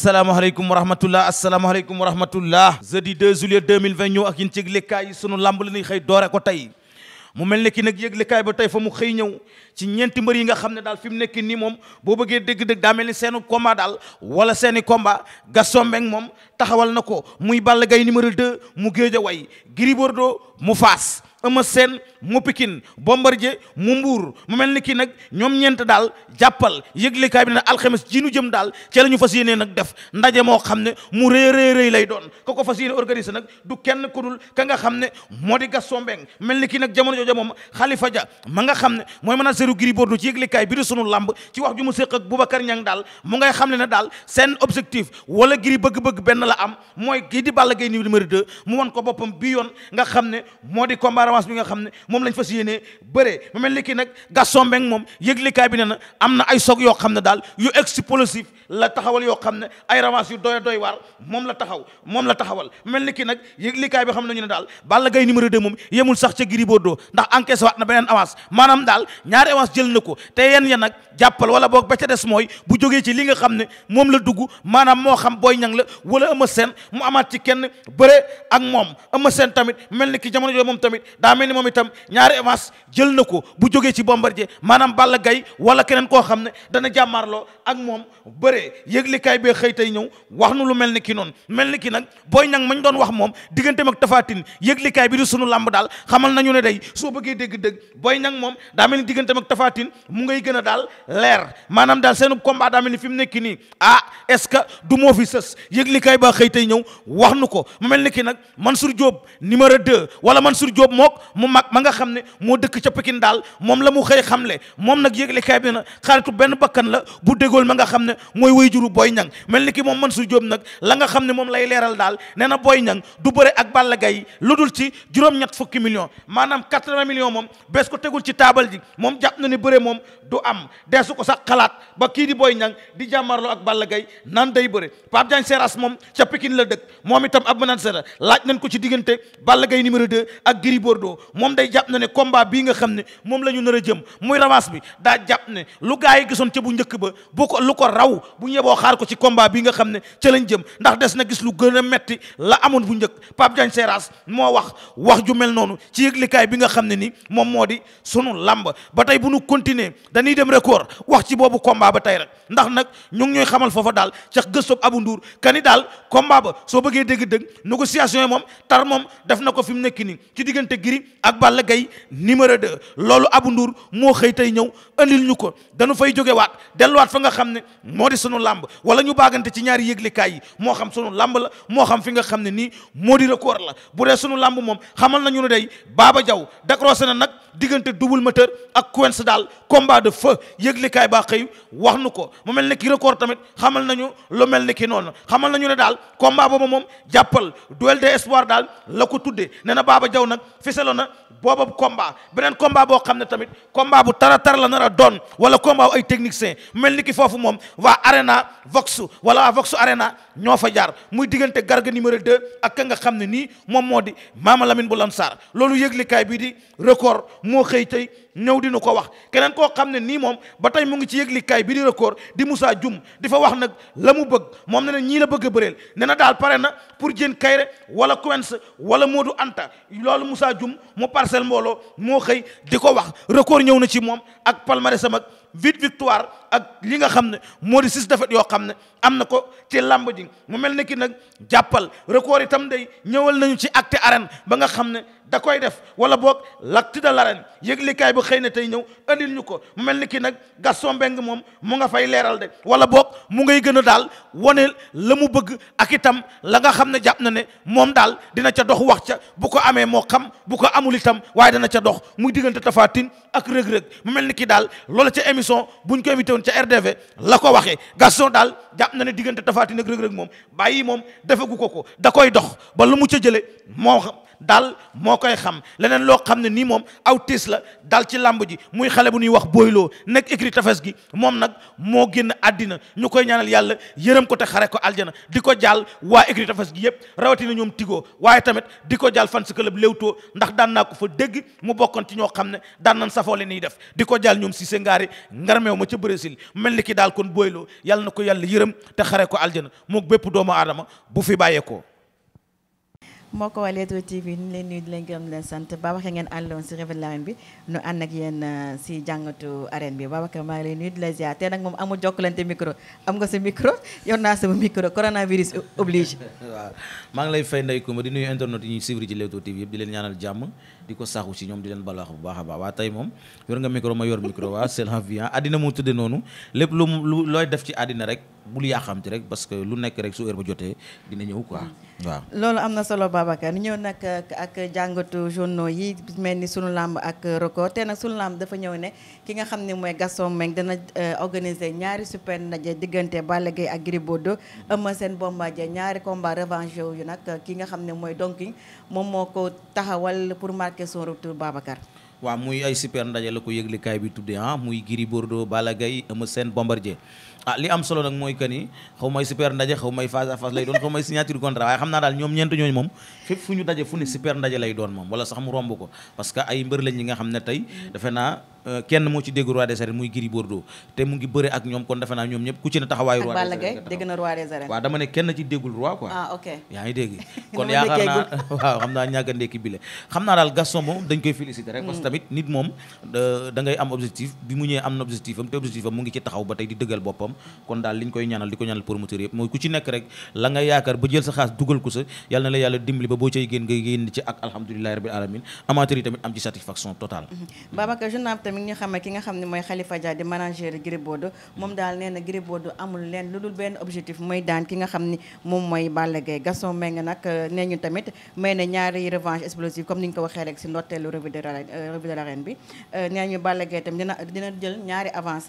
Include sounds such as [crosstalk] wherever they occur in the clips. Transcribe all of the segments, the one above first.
asalaamaaleykum wa rahmatullah asalaamaaleykum wa rahmatullah jeudi 2 juillet 2020 ñëw ak yéen ci yëglekaay yi sunu lamb la ñuy xëy doore ko tey mu mel ne ki nag yëglekaay ba tey fa mu xëy ñëw ci ñeenti mbër yi nga xam ne daal fi mu nekk nii moom boo bëggee dégg-dégg daa mel ni seenu combat daal wala seeni combat Gaston moom taxawal na ko muy Balla Gaye numéro 2 mu way Gris Bordeaux mu Fass Eumeu Sène mu Pikine Bombardier mu Mbour mu mel ni kii nag ñoom ñeent daal jàppal yëglekaay bi ne alxemes ji nu jëm daal ci ñu fas yeneen nag def ndaje moo xam ne mu rëy rëy lay doon ko ko fas yéene organiser nag du kenn ku dul ka nga xam ne moo di Gaston Mbengue mel ni kii nag jamono jooja moom Khalifa Dia ma nga xam ne mooy manageru Gris Bordeaux ci yëglekaay bi di sunu làmb ci wax ju mu séq ak Boubacar Niang daal mu ngay xam ne ne daal seen objectif wala giri bëgg-bëgg benn la am mooy gii di Balla Gaye numéro 2 mu ko boppam bi yoon nga xam ne moo di combat revanche bi nga xam ne moom lañ fas yéenee bëree mu mel ni kii nag Gaston Mbengue moom yëglikaay bi ne na am na ay soog yoo xam ne daal yu explosif la taxawal yoo xam ne ay revanche yu doy doy waar moom la taxaw moom la taxawal mel ni kii nag yëglikaay bi xam nañu ne daal Balla Gaye numéro 2 moom yemul sax ca Gris Bordeaux ndax encaissé waat na beneen avance maanaam daal ñaari avance jël na ko te yeen ya nag jàppal wala boog ba ca des mooy bu jógee ci li nga xam ne moom la dugg maanaam moo xam booy Niang la wala Eumeu Sène mu amaat ci kenn bëre ak moom Eumeu seen tamit mel ni ki jamono jooju moom tamit daa mel ni moom itam ñaari avance jël na ko bu jógee ci Bombardier maanaam Balla gay wala keneen koo xam ne dana jàmmaarloo ak moom bëree yëglikaay bee xëy tey ñëw wax nu lu mel ni ki noonu mel ni ki nag booy ñang mañ doon wax moom digganteem ak tafaatin yëglikaay bi di sunu làmb daal xamal nañu ne day soo bëggee dégg-dégg booy ñang moom daa mel ni digganteem ak tafaatin mu ngay gën a daal leer maanaam daal seenu combat daa mel ni fi mu nekk nii ah est-ce que du moo fi sës yëglikaay baa xëy tey ñëw wax nu ko mu mel ni ki nag man Diop numéro 2 wala Mansour Diop mook mu mag ma nga xam ne moo dëkk ca Pikine daal moom la mu xëy xamle moom nag yëglekaay bi na xaritu benn bakkan la bu dégool ma nga xam ne mooy way juru Boy Niang mel ni kii moom man su Diop nag la nga xam ne moom lay leeral daal nee na Boy Niang du bëre ak Balla Gaye lu dul ci juróom-ñett fukki millions maanaam 80 millions moom bees ko tegul ci taabal ji moom jàpp na ne bëre moom du am deesu ko sax xalaat ba kii di Boy Niang di jàmmarloo ak Balla gay naan day bëre Pape Diagne Seras moom ca Pikine la dëkk moom itam ab manager laaj nañ ko ci diggante Balla Gaye numéro 2 ak Gris Bordeaux moom jàpp na ne combat bii nga xam ne moom la ñu nar a jëm muy revanche bi daa jàpp ne lu gaa yi gisoon ca bu njëkk ba bu ko lu ko raw bu ñeboo xaar ko ci combat bi nga xam ne ca lañ jëm ndax des na gis lu gën a metti la amoon bu njëkk Pape Diagne Seras moo wax wax ju mel noonu ci yëglikaay bi nga xam ne ni moom moo di sunu làmb ba tey bu nu continuer dañuy dem record wax ci boobu combat ba tey rek ndax nag ñu ngi ñooy xamal foofa daal ca gëstoob Abu Nduur kani daal combat ba soo bëggee dégg-dëgg négociation yi moom tar moom mu nekk nii Gueye numéro 2 loolu Abou Ndour moo xëy tey ñëw andil ñu ko dañu fay jóge waat delluwaat fa nga xam ne moo di sunu làmb wala ñu baagante ci ñaari yëglikaay yi moo xam sunu làmb la moo xam fi nga xam ne nii moo di record la bu dee suñu làmb moom xamal nañu ne day Baba Diaw décroché na nag diggante double moteur ak Quench daal combat de feu yëglikaay baa xëy wax nu ko mu mel ne ki record tamit xamal nañu lu mel ni ki noonu xamal nañu ne daal combat boobu moom jàppal duel de espoir daal la ko tuddee nee na Baba nag fiselo na booba combat beneen combat boo xam ne tamit combat bu tara tar la nar a doon wala combat bu ay technicien mel ni ki foofu moom waa arena vox wala waa vox arena ñoo fa jaar muy diggante garga numéro 2 ak ka nga xam ne nii moom moo di maama lamine bu lansar loolu yëglikaay bii di record moo xëy tey ñëw dinu ko wax keneen koo xam ne nii moom ba tey mu ngi ci kay bii di record di Moussa Dioum di fa wax nag la mu bëgg moom ne na ñii la bëgg a ne na daal pare na pour jën kayre wala Quench wala Modou Anta loolu dajal mbooloo moo xëy di ko wax record ñëw na ci moom ak palmarès am ak huit victoire ak li nga xam ne moo di six défaites yoo xam ne am na ko ci làmb ji mu mel na ki nag jàppal record itam day ñëwal nañu ci acte arène ba nga xam ne da koy def wala boog l'acte de l'arène yëglikaay bu xëy na tey ñëw andil ñu ko mu mel na ki nag Gaston Mbengue moom mu nga fay leeral de wala boog mu ngay gën a daal wane la mu bëgg ak itam la nga xam ne jàpp na ne moom daal dina ca dox wax ca bu ko amee moo xam bu ko amul itam waaye dana ca dox muy diggante Tapha Tine mu mel ni ki daal woon ca RDV la ko waxee Gaston daal jàpp na ne diggante Tapha Tine ak Reug Reug moom bàyyi moom defagu ko ko da koy dox ba lu mu ca jëlee moo xam daal moo koy xam leneen loo xam ne nii moom aw tiis la daal ci làmb ji muy xale bu ñuy wax booyloo nekk écrit tafes gi moom nag moo génn àddina ñu koy ñaanal yàlla yërëm ko te xare ko aljana di ko jaal waa écrit tafes gi yëpp rawatina ñoom tigoo waaye tamit di ko jaal fan si club Leewtoo ndax daan naa ko fa dégg mu bokkoon ci ñoo xam ne daan nañ safoo leen niy def di ko jaal ñoom si se ngaari ngarmeew ma ca Brésil mel ni ki daal kon booyloo yàlla na ko yàlla yërëm te xare ko aljana mook bépp doomu aadama bu fi bàyyeekoo moo ko waa Leewtoo TV ñu leen nuyu di leen gërëm leen sant Babacar ngeen àndoon si revue de l'arène bi nu ànd ak yéen euh, si jàngatu arène bi Babacar maa ngi lay nuyu di la ziar te nag moom amul jokkalante micro am nga sa micro yor naa sama micro coronavirus oblige. [laughs] waaw maa ngi lay fay Ndeye Coumba di nuyu internet yi ñuy suivre ci Leewtoo TV yëpp di leen ñaanal jàmm. di ko saxu ci ñoom di leen balax bu baax a baax waa tey moom yor nga micro ma yor micro waa c'est la ah. lu lu looy def ci àddina rek bul yàqamti rek parce que lu su heure ba jotee dina ñëw quoi waaw. loolu ne ki nga xam ne mooy Gaston Mbengue dana euh, organiser ñaari super ndaje diggante Balla Gaye ak Gris Bordeaux Eumeu Sène Bombardier ñaari combat revanche yu nag ki nga xam ne mooy Donking moom moo ko taxawal pour marquer marqué son retour Babacar. waaw muy ay super ndaje la ko yëglikaay bi tuddee ah muy Gris Bordeaux Balla Gaye Eumeu Sène Bombardier ah li am solo nag mooy que ni xaw may super ndaje xaw may face à face lay doon xaw may signature contrat waaye xam naa daal ñoom ñeent ñooñu moom fépp fu ñu daje fu ne super ndaje lay doon moom wala sax mu romb ko parce ay mbër lañ ñi nga xam ne tey defe naa Euh, kenn moo ci dégg roi des arènes muy Gris Bordeaux te mu ngi bëre ak ñoom kon defe naa ñoom ñëpp ku ci ne taxawaayu roi des arènes dégg na roi des arènes waaw dama ne kenn ci déggul roi quoi ah ok yaa ngi dégg [laughs] kon yaakaar naa [laughs] waaw xam naa ñàkk a ndékki bi la xam naa daal Gaston moom dañ koy féliciter rek parce que mm. tamit nit moom da ngay am objectif bi mu ñëwee am na objectif am te objectif am mu ngi ci taxaw ba tey di dëggal boppam kon daal li ñu koy ñaanal di ko ñaanal promoteur yëpp mooy ku ci nekk rek la nga yaakaar ba jël sa xaas dugal ko sa yàlla na la yàlla dimbali ba boo cay génn nga génn ci ak alhamdulillahi rabbil alamin amateur yi tamit am ci satisfaction totale mm-hmm. tamit mi ngi ñu xamal ki nga xam ne mooy Khalifa Dia di manager Gris Bordeaux moom daal nee na Gris Bordeaux amul leen lu dul benn objectif mooy daan ki nga xam ni moom mooy Balla Gaye Gaston nga nag euh, nee ñu tamit may na ñaari revanche explosive comme ni ñu ko waxee rek si ndorteelu euh, revue de l'arène bi euh, nee ñu Balla Gaye tamit dina dina jël ñaari avance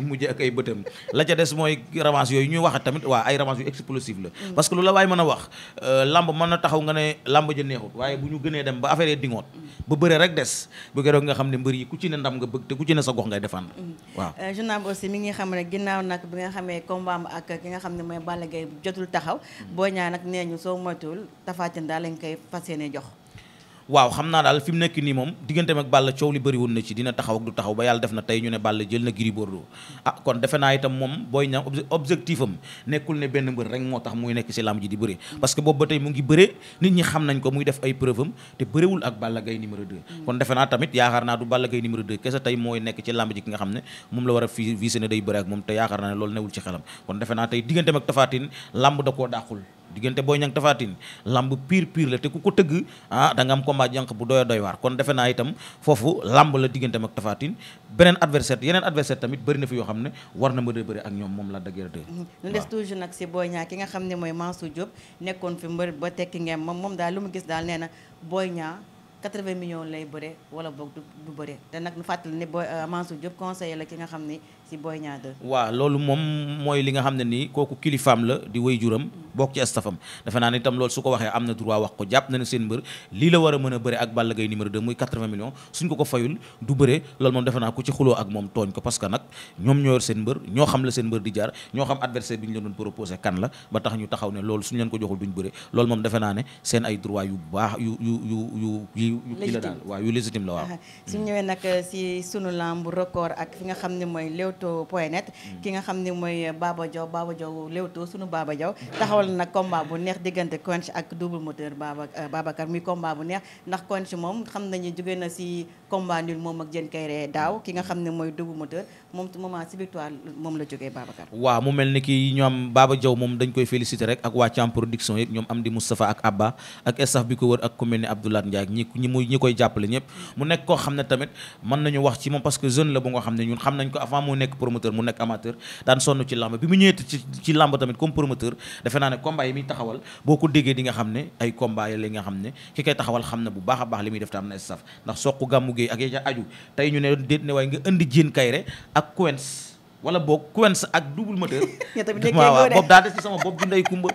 di mujje ak ay bëtam la ca des mooy revanche yooyu ñuy waxat tamit waa ay revanche yu explosif la mm. parce lu la waay mën a wax euh, lamb mën na taxaw nga ne lamb ja neexut waaye bu ñu gënee dem ba affaire yi mm. ba bëre rek des bu keroog nga xam ne mbër yi ku ci ne ndam nga bëgg te ku ci ne sa gox ngay défendre mm. waaw euh, jeunab aussi mi ngi xam ne ginnaaw nag bi nga xamee combat am ak ki nga xam ne mooy Balla Gaye jotul taxaw boo ñaa nag nee ñu soo moytuwul Tapha waaw xam naa daal fi mu nekk nii moom digganteem ak Balla coow li bëri woon na ci dina taxaw ak du taxaw ba yàlla def na tey ñu ne Balla jël na Gris Bordeaux ah kon defe naa itam moom Boy Niang objectif am nekkul benn mbër rek moo tax muy ci lamb ji di bëre parce que boobu ba tey mu ngi bëre nit ay preuve am te bëréwul ak Balla Gaye numéro 2 mm. kon defe yaakaar naa du Balla Gaye numéro 2 kese tey mooy nekk ci lamb ne moom la war a fi visé ne day bëre ak moom te yaakaar naa ne loolu newul ci xelam kon defe naa tey digganteem ak Tapha Tine da koo dàqul diggante Boy Niang Tapha Tine lamb pire la te ku ko tëgg ah da nga am combat jànq bu doy doy waar kon defe naa itam foofu lamb la digganteem ak Tapha beneen adversaire yeneen adversaire tamit bëri fi yoo xam ne war na mën a bëri ak ñoom moom la dëgër de lu des toujours nag si Boy Niang ki nga xam ne mooy Mansour Diop nekkoon fi mbër ba tekki ngeen moom moom daal lu mu gis daal nee na Boy Niang 80 millions lay bëre wala boog du du bëre te nag nu fàttali ne booy euh, Mansour Diop conseiller la ki nga xam ne si Boy Niang 2. loolu moom mooy li nga xam ne nii kooku kilifaam la di way juram bokk ci stafam defe naa ne itam loolu su ko waxee am na droit wax ko jàpp na ne seen mbër lii la war a mën bëre ak Balla Gaye numéro 2 muy 80 millions suñ ko ko fayul du bëre loolu moom defe naa ku ci que nag ñoom ñoo yor seen mbër ñoo xam la seen mbër di jaar tax ñu taxaw ne loolu suñu leen ko joxul duñ bëre seen ay droit yu baax yu yu yu yu kii la daal la waaw suñu ñëwee nag si sunu lamb record ak fi nga xam ne mooy Leewtoo point net hmm. ki nga xam ne mooy Baba Diaw Baba Diaw Leewtoo sunu Baba Diaw taxawal nag combat bu neex diggante Quench ak double moteur Baba Babacar mi combat bu neex ndax Quench moom xam nañu jóge na si combat nul moom ak jën kayre daaw ki nga xam ne mooy dëggu moteur moom moment si victoire moom la jógee Babacar waaw mu mel ni ki ñoom Baba Diaw moom dañ koy féliciter rek ak waa production yëpp ñoom am di Moustapha ak Abba ak staff bi ko wër ak ku ni Abdoulaye Ndiaye ñi ñi koy jàppale ñëpp mu nekk koo xam ne tamit mën nañu wax ci moom parce que jeune la bu nga xam ne ñun xam nañ ko avant mu nekk promoteur mu nekk amateur daan sonn xam na bu baax baax li muy def te am Gueye ak ya ca aju tey ñu ne déet ne waaye nga indi Diène Kairé ak Quench wala boog Quench ak double moteur [laughs] [laughs] waaw bopp daa des ci sama bopp bi ndey kumba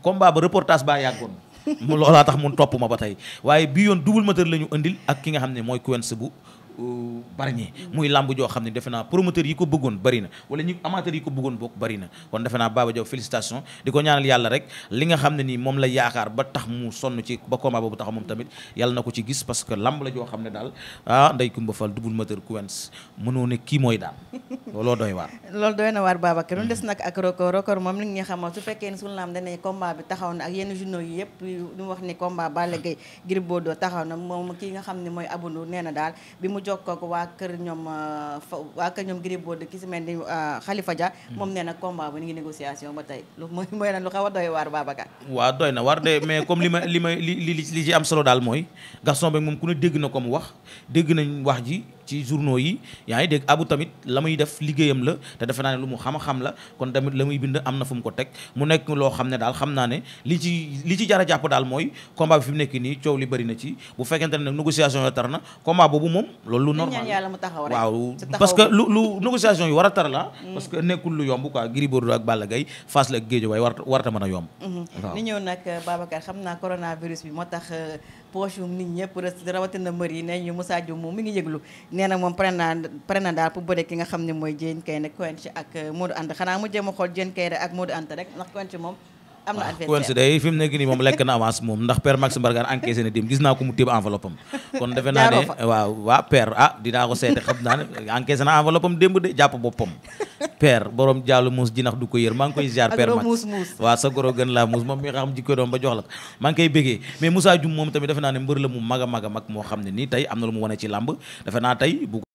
combat ba reportage baa yàggoon [laughs] mu loolaa tax mun topp ma ba tey waaye bi yoon double moteur la ñu indil ak ki nga xam ne mooy Quench bu Euh, Bargny muy làmb joo xam ne defe naa promoteur yi ko bëggoon bari na ñi amateur yi ko bëggoon bokk bari kon defe naa Baba Diaw félicitation di ko ñaanal yàlla rek li nga xam ne nii moom la yaakaar ba tax mu sonn ci ba combat boobu taxaw na moom kii nga xam ne mooy abondu nee na daal bi mu jokkoo ko waa kër ñoom euh, waa kër ñoom Gris Bordeaux ki si mel ni euh, Khalifa Dia hmm. moom nee na combat bu ñu ngi négociation ba tey lu mooy mooy nag lu xaw a doy waar Babacar waaw doy na waar de mais comme li ma li ma li li li ci am solo daal mooy Gaston Mbengue moom ku ne dégg na ko mu wax dégg nañ wax ji ci journaux yi yaa ngi dégg abu tamit la muy def liggéeyam la te defe naa ne lu mu xam-xam la kon tamit la muy bind am na fu mu ko teg mu nekk loo xam ne daal xam naa ne li ci li ci jara jàpp na ci bu fekkente ne nag négociation yi tar na combat boobu moom lu normal waaw parce que lu lu négociation yi war a tar la mm. parce que nekkul lu yomb quoi Gris Bordeaux ak Balla Gaye Fass la ak Guédiawaye war warata mën a yomb mm-hmm. waaw li ñëw nag Babacar xam naa coronavirus bi moo tax euh, poche yu nit ñëpp rawatina mbër yi ne ñu Moussa Dioum moom mi ngi yëglu nee na moom pare naa pare na daal pour bëre ki nga xam ne mooy Diène Kaïré Quench ak Modou Anta xanaa mu jéem a xool Diène Kaïré ak Modou Anta rek ndax Quench moom am na adversaire day fi nekk nii moom lekk na avance moom ndax père Max Mbargane encaissé na dem gis naa ko mu téb enveloppe am kon defe naa ne waaw waa père ah dinaa ko xam naa ne encaissé na enveloppe am démb jàpp boppam père borom jaalu muus jinax du ko yër maa ngi koy ziar père Max waaw sa goro gën laa muus moom mi nga xam jikko doom ba jox la ko maa mais Moussa Dioum moom tamit defe naa ne mbër la mu mag a mag a moo xam ne nii tey am na lu mu wane ci làmb defe naa tey bu